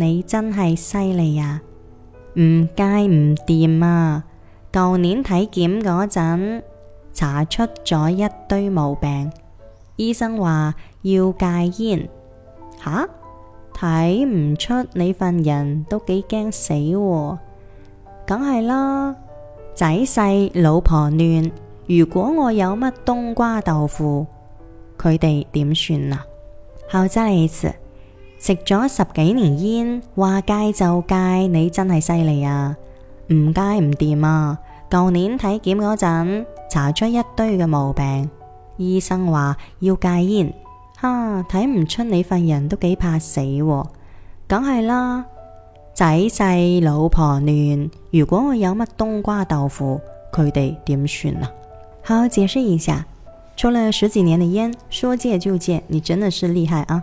你真係犀利啊！唔戒唔掂啊！舊年體檢嗰陣，查出咗一堆毛病，醫生話要戒煙。吓，睇唔出你份人都幾驚死喎，梗係啦！仔細老婆嫩。如果我有乜冬瓜豆腐，佢哋點算啊？好真意食咗十幾年煙，話戒就戒，你真係犀利啊！唔戒唔掂啊！舊年體檢嗰陣，查出一堆嘅毛病，醫生話要戒煙，哈，睇唔出你份人都幾怕死喎，梗係啦！仔細老婆嫩，如果我有乜冬瓜豆腐，佢哋點算啊？好，解釋一下，抽了十幾年的煙，說戒就戒，你真的是厲害啊！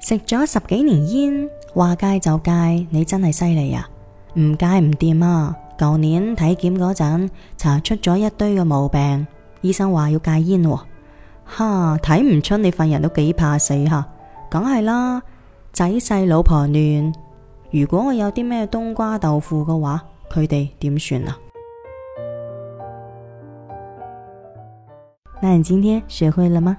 食咗十幾年煙，話戒就戒，你真係犀利啊！唔戒唔掂啊！舊年體檢嗰陣，查出咗一堆嘅毛病，醫生話要戒煙喎。哈，睇唔出你份人都幾怕死吓。哈，梗係啦，仔細老婆嫩。如果我有啲咩冬瓜豆腐嘅話，佢哋點算啊？那你今天學會了嗎？